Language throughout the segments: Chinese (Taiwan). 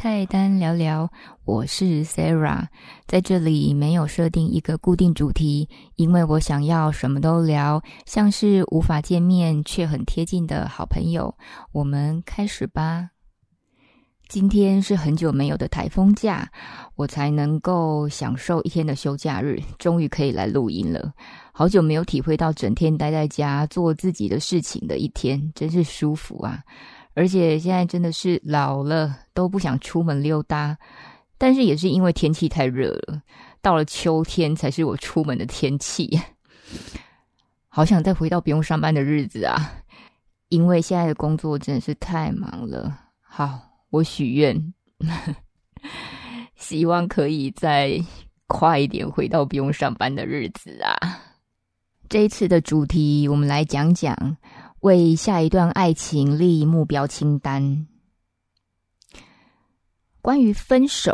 菜單聊聊，我是 Sara，在這裡沒有設定一個固定主題，因為我想要什麼都聊，像是無法見面卻很貼近的好朋友。我們開始吧。今天是很久沒有的台風假，我才能夠享受一天的休假日，終於可以來錄音了，好久沒有體會到整天待在家做自己的事情的一天，真是舒服啊。而且現在真的是老了，都不想出門溜達。但是也是因為天氣太熱了，到了秋天才是我出門的天氣。好想再回到不用上班的日子啊！因為現在的工作真的是太忙了。好，我許願， 希望可以再快一點回到不用上班的日子啊！這一次的主題，我們來講講。為下一段愛情立目標清單。關於分手，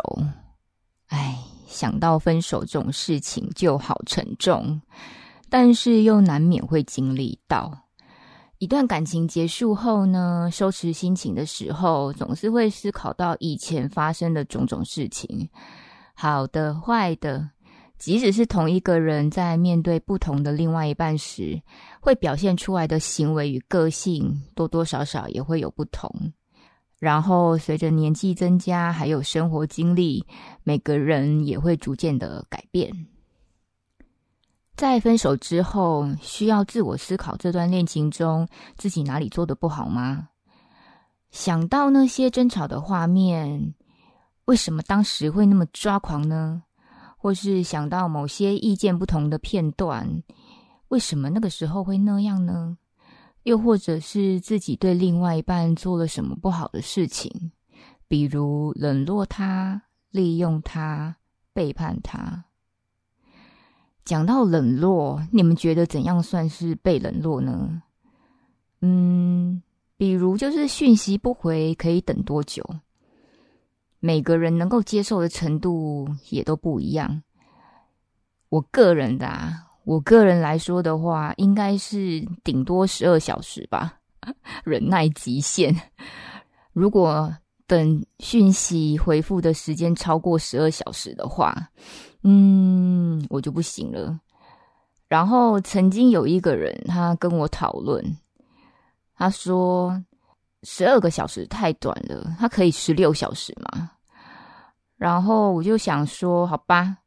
哎，想到分手這種事情就好沉重，但是又難免會經歷到。一段感情結束後呢，收拾心情的時候，總是會思考到以前發生的種種事情，好的、壞的。即使是同一個人，在面對不同的另外一半時，會表現出來的行為與個性多多少少也會有不同。然後隨着年紀增加，還有生活經歷，每個人也會逐漸的改變。在分手之後，需要自我思考這段戀情中自己哪裡做的不好嗎？想到那些爭吵的畫面，為什麼當時會那麼抓狂呢？或是想到某些意見不同的片段，為什麼那個時候會那樣呢？又或者是自己對另外一半做了什麼不好的事情，比如冷落他、利用他、背叛他。講到冷落，你們覺得怎樣算是被冷落呢？嗯，比如就是訊息不回，可以等多久？每個人能夠接受的程度也都不一樣。我個人的，啊，我個人來說的話，應該是頂多十二小時吧，忍耐極限。如果等訊息回復的時間超過十二小時的話，嗯，我就不行了。然後曾經有一個人，他跟我討論，他說十二個小時太短了，他可以十六小時嘛。然後我就想說，好吧。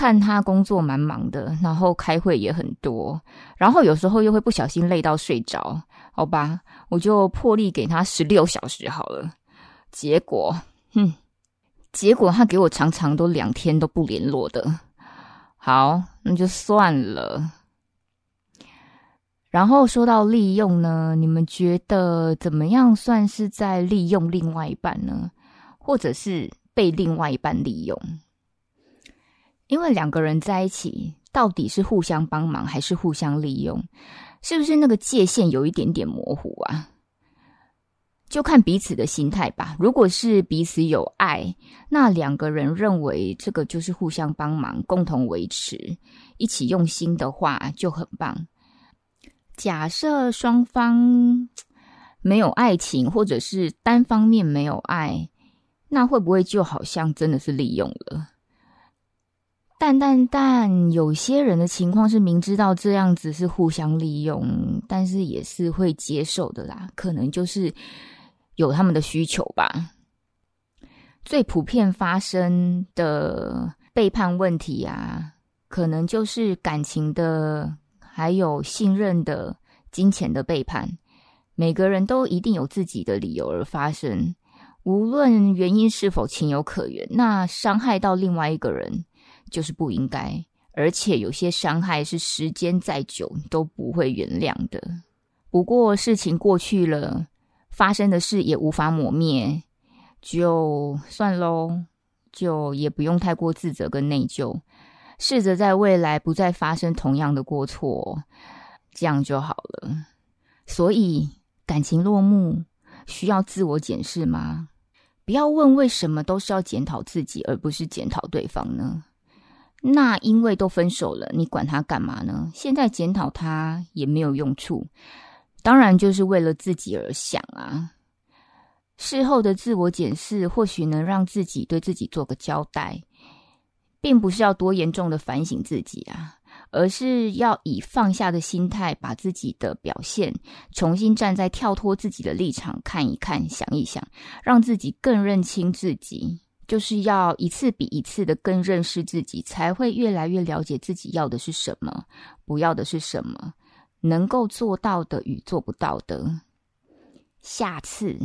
看他工作蠻忙的，然後開會也很多，然後有時候又會不小心累到睡着，好吧，我就破例給他十六小時好了。結果，哼，結果他給我常常都兩天都不聯絡的。好，那就算了。然後說到利用呢，你們覺得怎麼樣算是在利用另外一半呢？或者是被另外一半利用？因為兩個人在一起，到底是互相幫忙還是互相利用？是不是那個界限有一點點模糊啊？就看彼此的心態吧。如果是彼此有愛，那兩個人認為這個就是互相幫忙，共同維持，一起用心的話就很棒。假設雙方沒有愛情，或者是單方面沒有愛，那會不會就好像真的是利用了？但但但，有些人的情況是明知道這樣子是互相利用，但是也是會接受的啦，可能就是有他們的需求吧。最普遍發生的背叛問題啊，可能就是感情的，還有信任的、金錢的背叛。每個人都一定有自己的理由而發生，無論原因是否情有可原，那傷害到另外一個人，就是不應該，而且有些傷害是時間再久都不會原諒的。不過事情過去了，發生的事也無法抹滅，就算嘍，就也不用太過自責跟內疚，試着在未來不再發生同樣的過錯，這樣就好了。所以感情落幕，需要自我檢視嗎？不要問為什麼，都是要檢討自己，而不是檢討對方呢？那因為都分手了，你管他幹嘛呢？現在檢討他也沒有用處，當然就是為了自己而想啊。事後的自我檢視，或許能讓自己對自己做個交代，並不是要多嚴重的反省自己啊，而是要以放下的心態，把自己的表現重新站在跳脫自己的立場看一看、想一想，讓自己更認清自己。就是要一次比一次的更認識自己，才會越來越了解自己要的是什麼，不要的是什麼，能夠做到的與做不到的，下次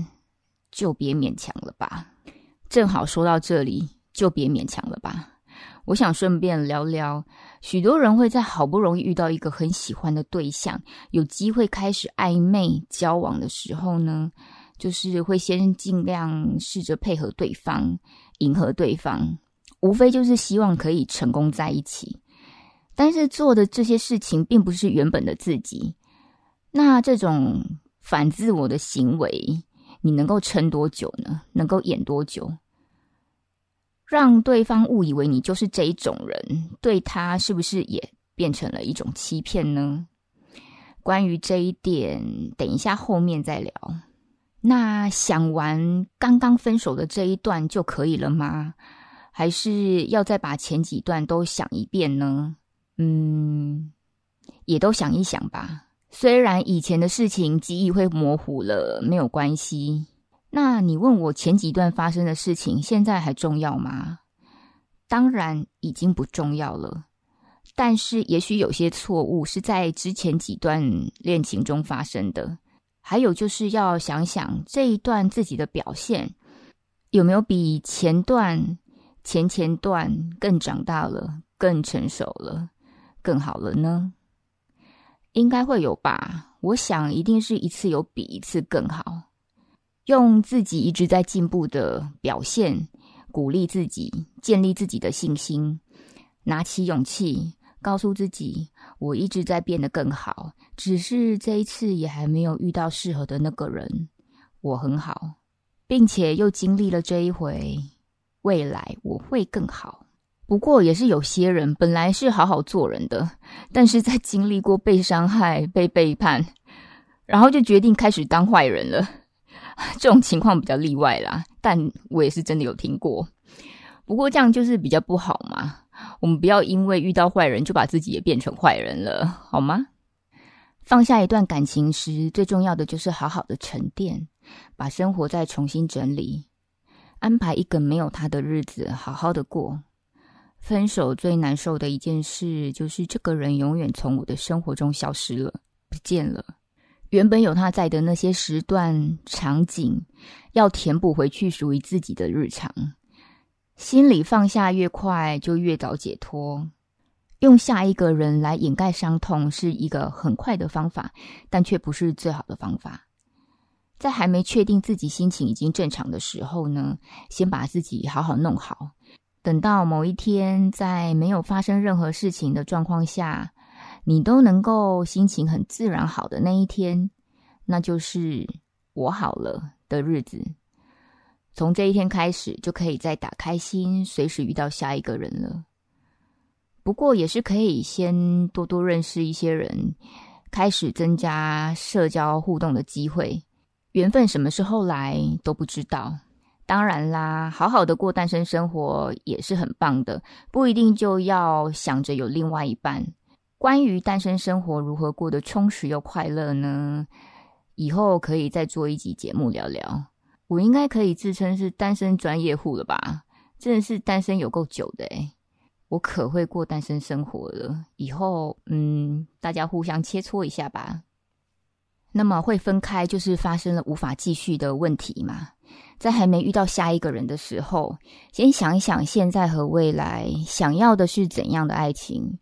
就別勉強了吧。正好說到這裡，就別勉強了吧。我想順便聊聊，許多人會在好不容易遇到一個很喜歡的對象，有機會開始曖昧交往的時候呢，就是會先盡量試着配合對方。迎合對方，無非就是希望可以成功在一起。但是做的這些事情，並不是原本的自己。那這種反自我的行為，你能夠撐多久呢？能夠演多久？讓對方誤以為你就是這一種人，對他是不是也變成了一種欺騙呢？關於這一點，等一下後面再聊。那想完剛剛分手的這一段就可以了嗎？還是要再把前幾段都想一遍呢？嗯，也都想一想吧。雖然以前的事情記憶會模糊了，沒有關係。那你問我前幾段發生的事情，現在還重要嗎？當然已經不重要了，但是也許有些錯誤是在之前幾段戀情中發生的。還有就是要想想這一段自己的表現，有沒有比前段、前前段更長大了、更成熟了、更好了呢？應該會有吧。我想一定是一次有比一次更好，用自己一直在進步的表現，鼓勵自己，建立自己的信心，拿起勇氣。告訴自己，我一直在變得更好，只是這一次也還沒有遇到適合的那個人。我很好，並且又經歷了這一回，未來我會更好。不過，也是有些人本來是好好做人的，但是在經歷過被傷害、被背叛，然後就決定開始當壞人了。這種情況比較例外啦，但我也是真的有聽過。不過這樣就是比較不好嘛。我們不要因為遇到壞人就把自己也變成壞人了，好嗎？放下一段感情時，最重要的就是好好的沉澱，把生活再重新整理，安排一個沒有他的日子，好好的過。分手最難受的一件事，就是這個人永遠從我的生活中消失了，不見了。原本有他在的那些時段、場景，要填補回去屬於自己的日常。心裡放下越快，就越早解脫。用下一個人來掩蓋傷痛是一個很快的方法，但卻不是最好的方法。在還沒確定自己心情已經正常的時候呢，先把自己好好弄好。等到某一天，在沒有發生任何事情的狀況下，你都能夠心情很自然好的那一天，那就是我好了的日子。從這一天開始，就可以再打開心，隨時遇到下一個人了。不過，也是可以先多多認識一些人，開始增加社交互動的機會。緣分什麼時候來都不知道，當然啦，好好的過單身生活也是很棒的，不一定就要想着有另外一半。關於單身生活如何過得充實又快樂呢？以後可以再做一集節目聊聊。我應該可以自稱是單身專業戶了吧？真的是單身有夠久的誒、欸，我可會過單身生活了。以後嗯，大家互相切磋一下吧。那麼會分開，就是發生了無法繼續的問題嘛？在還沒遇到下一個人的時候，先想一想現在和未來，想要的是怎樣的愛情？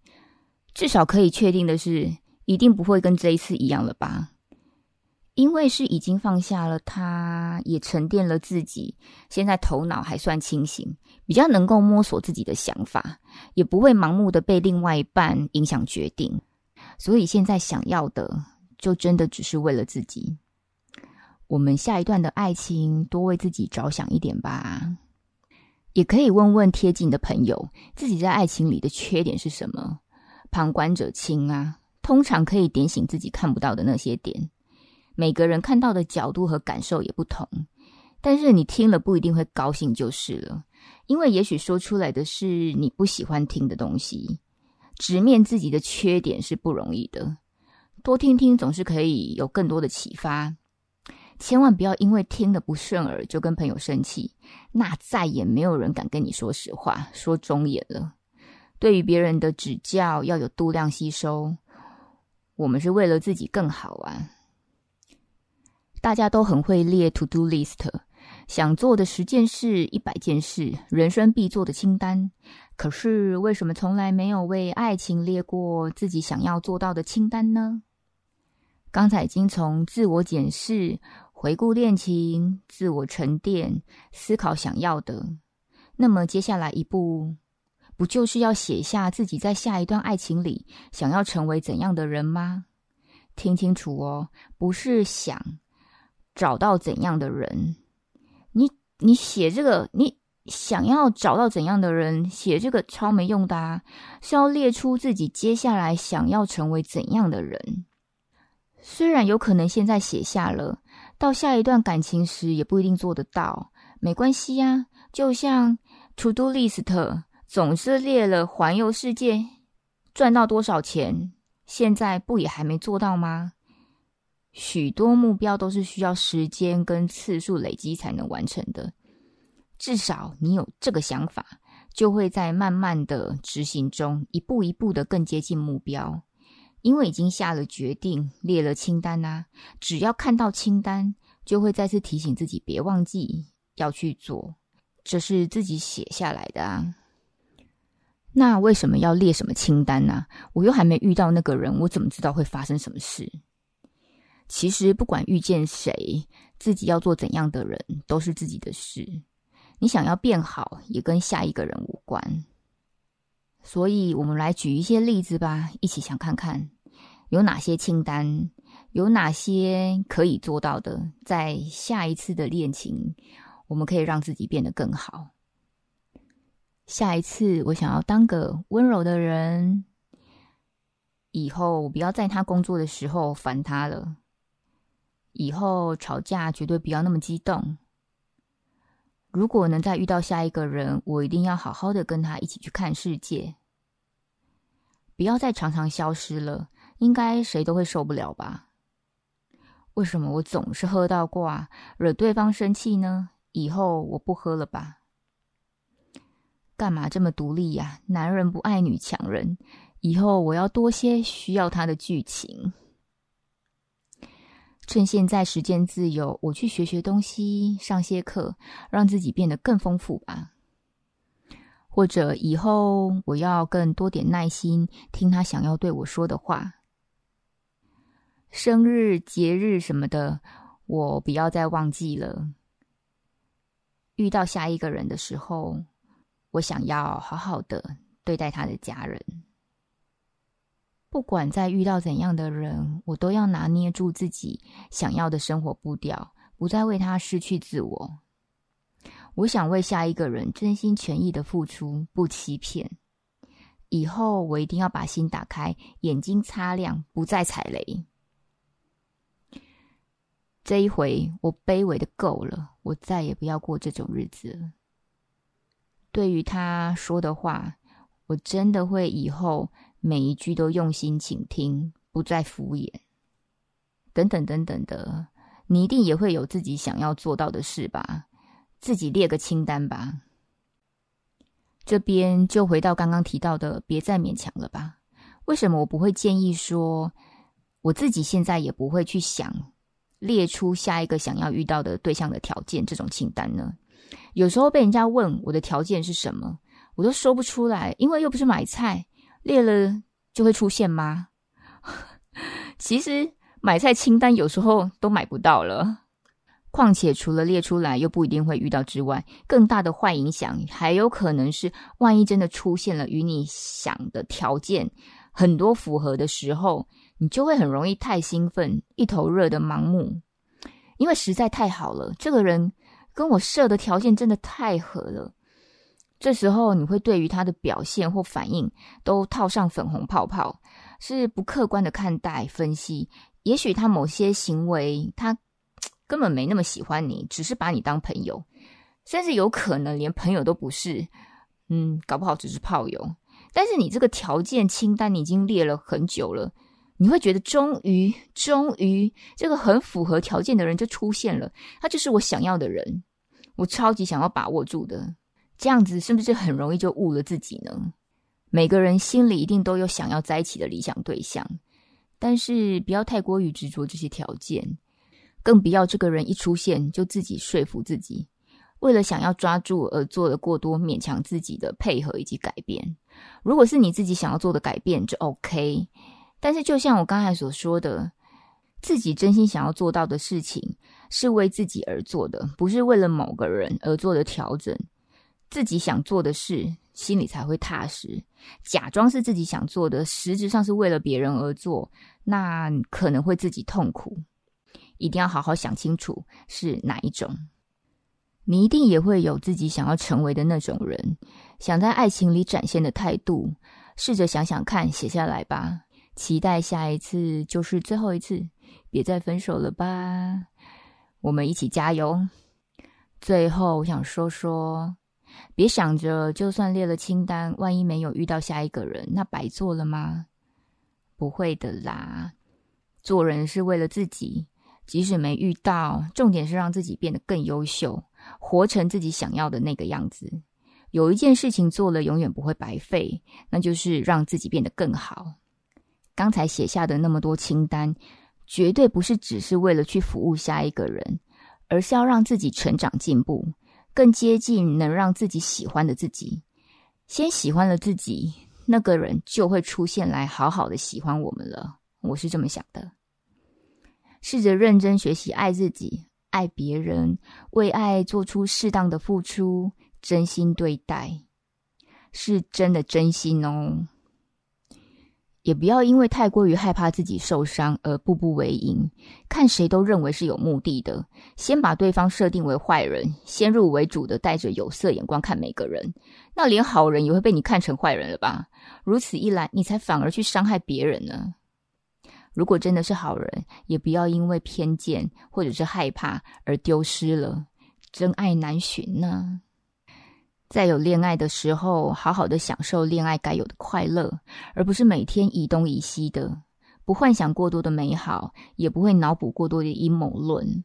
至少可以確定的是，一定不會跟這一次一樣了吧？因為是已經放下了他，也沉澱了自己，現在頭腦還算清醒，比較能夠摸索自己的想法，也不會盲目的被另外一半影響決定。所以現在想要的，就真的只是為了自己。我們下一段的愛情，多為自己着想一點吧。也可以問問貼近的朋友，自己在愛情裡的缺點是什麼？旁觀者清啊，通常可以點醒自己看不到的那些點。每個人看到的角度和感受也不同，但是你聽了不一定會高興就是了，因為也許說出來的是你不喜歡聽的東西。直面自己的缺點是不容易的，多聽聽總是可以有更多的啟發。千萬不要因為聽了不順耳就跟朋友生氣，那再也沒有人敢跟你說實話、說忠言了。對於別人的指教要有度量吸收，我們是為了自己更好啊。大家都很會列 to do list，想做的十件事、一百件事，人生必做的清單。可是為什麼從來沒有為愛情列過自己想要做到的清單呢？剛才已經從自我檢視、回顧戀情、自我沉澱、思考想要的，那麼接下來一步，不就是要寫下自己在下一段愛情裡想要成為怎樣的人嗎？聽清楚哦，不是想。找到怎樣的人？你你寫這個，你想要找到怎樣的人？寫這個超沒用的啊，是要列出自己接下來想要成為怎樣的人。雖然有可能現在寫下了，到下一段感情時也不一定做得到，沒關係啊。就像 to do list 總是列了環遊世界賺到多少錢，現在不也還沒做到嗎？許多目標都是需要時間跟次數累積才能完成的，至少你有這個想法，就會在慢慢的執行中，一步一步的更接近目標。因為已經下了決定，列了清單啊，只要看到清單，就會再次提醒自己別忘記要去做，這是自己寫下來的啊。那為什麼要列什麼清單呢、啊？我又還沒遇到那個人，我怎麼知道會發生什麼事？其實不管遇見誰，自己要做怎樣的人都是自己的事。你想要變好，也跟下一個人無關。所以，我們來舉一些例子吧，一起想看看有哪些清單，有哪些可以做到的，在下一次的戀情，我們可以讓自己變得更好。下一次，我想要當個溫柔的人，以後不要在他工作的時候煩他了。以後吵架絕對不要那麼激動。如果能再遇到下一個人，我一定要好好的跟他一起去看世界。不要再常常消失了，應該誰都會受不了吧？為什麼我總是喝到掛、啊，惹對方生氣呢？以後我不喝了吧？幹嘛這麼獨立呀、啊？男人不愛女強人，以後我要多些需要他的劇情。趁現在時間自由，我去學學東西，上些課，讓自己變得更豐富吧。或者以後我要更多點耐心聽他想要對我說的話。生日、節日什麼的，我不要再忘記了。遇到下一個人的時候，我想要好好的對待他的家人。不管再遇到怎樣的人，我都要拿捏住自己想要的生活步調，不再為他失去自我。我想為下一個人真心全意的付出，不欺騙。以後我一定要把心打開，眼睛擦亮，不再踩雷。這一回我卑微的夠了，我再也不要過這種日子了。對於他說的話，我真的會以後。每一句都用心傾聽，不再敷衍，等等等等的，你一定也會有自己想要做到的事吧？自己列個清單吧。這邊就回到剛剛提到的，別再勉強了吧。為什麼我不會建議說，我自己現在也不會去想，列出下一個想要遇到的對象的條件，這種清單呢？有時候被人家問我的條件是什麼，我都說不出來，因為又不是買菜。列了就會出現嗎？ 其實買菜清單有時候都買不到了。況且除了列出來又不一定會遇到之外，更大的壞影響還有可能是，萬一真的出現了與你想的條件很多符合的時候，你就會很容易太興奮、一頭熱的盲目，因為實在太好了，這個人跟我設的條件真的太合了。這時候，你會對於他的表現或反應都套上粉紅泡泡，是不客觀的看待分析。也許他某些行為他，他根本沒那麼喜歡你，只是把你當朋友，甚至有可能連朋友都不是。嗯，搞不好只是炮友。但是你這個條件清單，你已經列了很久了，你會覺得終於，終於，這個很符合條件的人就出現了，他就是我想要的人，我超級想要把握住的。這樣子是不是很容易就誤了自己呢？每個人心裡一定都有想要在一起的理想對象，但是不要太過於執着這些條件，更不要這個人一出現就自己說服自己，為了想要抓住而做的過多勉強自己的配合以及改變。如果是你自己想要做的改變就 OK，但是就像我剛才所說的，自己真心想要做到的事情是為自己而做的，不是為了某個人而做的調整。自己想做的事，心裡才會踏實。假裝是自己想做的，實質上是為了別人而做，那可能會自己痛苦。一定要好好想清楚是哪一種。你一定也會有自己想要成為的那種人，想在愛情裡展現的態度。試着想想看，寫下來吧。期待下一次，就是最後一次，別再分手了吧。我們一起加油。最後，我想說說。別想着就算列了清單，萬一沒有遇到下一個人，那白做了嗎？不會的啦。做人是為了自己，即使沒遇到，重點是讓自己變得更優秀，活成自己想要的那個樣子。有一件事情做了永遠不會白費，那就是讓自己變得更好。剛才寫下的那麼多清單，絕對不是只是為了去服務下一個人，而是要讓自己成長進步。更接近能讓自己喜歡的自己，先喜歡了自己，那個人就會出現來好好的喜歡我們了。我是這麼想的。試着認真學習愛自己、愛別人，為愛做出適當的付出，真心對待，是真的真心哦。也不要因為太過於害怕自己受傷而步步為營，看誰都認為是有目的的，先把對方設定為壞人，先入為主的帶着有色眼光看每個人，那連好人也會被你看成壞人了吧？如此一來，你才反而去傷害別人呢。如果真的是好人，也不要因為偏見或者是害怕而丟失了真愛難尋吶、啊。在有戀愛的時候，好好的享受戀愛該有的快樂，而不是每天疑東疑西的，不幻想過多的美好，也不會腦補過多的陰謀論。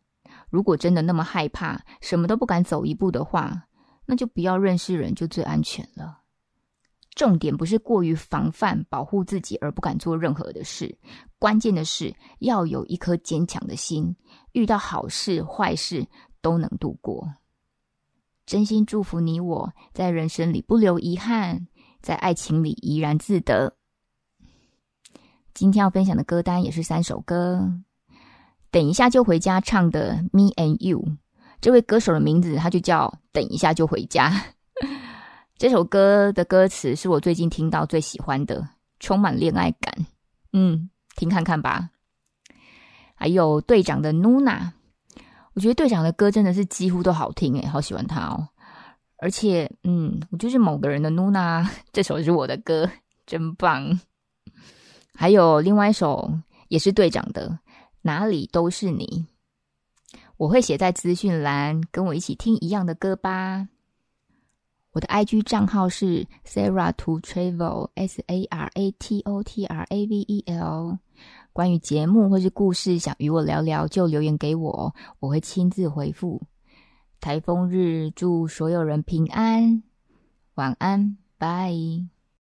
如果真的那麼害怕，什麼都不敢走一步的話，那就不要認識人就最安全了。重點不是過於防範保護自己而不敢做任何的事，關鍵的是要有一顆堅強的心，遇到好事壞事都能度過。真心祝福你我，我在人生裡不留遺憾，在愛情裡怡然自得。今天要分享的歌單也是三首歌，等一下就回家唱的《Me and You》，這位歌手的名字他就叫等一下就回家。 這首歌的歌詞是我最近聽到最喜歡的，充滿戀愛感。嗯，聽看看吧。還有隊長的 NUNA。我覺得隊長的歌真的是幾乎都好聽誒，好喜歡他哦！而且，嗯，我就是某個人的 Nuna，這首是我的歌，真棒。還有另外一首也是隊長的，《哪裡都是你》，我會寫在資訊欄，跟我一起聽一樣的歌吧。我的 IG 賬號是 saratotravel S A R A T O T R A V E L。關於節目或是故事，想與我聊聊，就留言給我，我會親自回復。台風日，祝所有人平安，晚安，拜。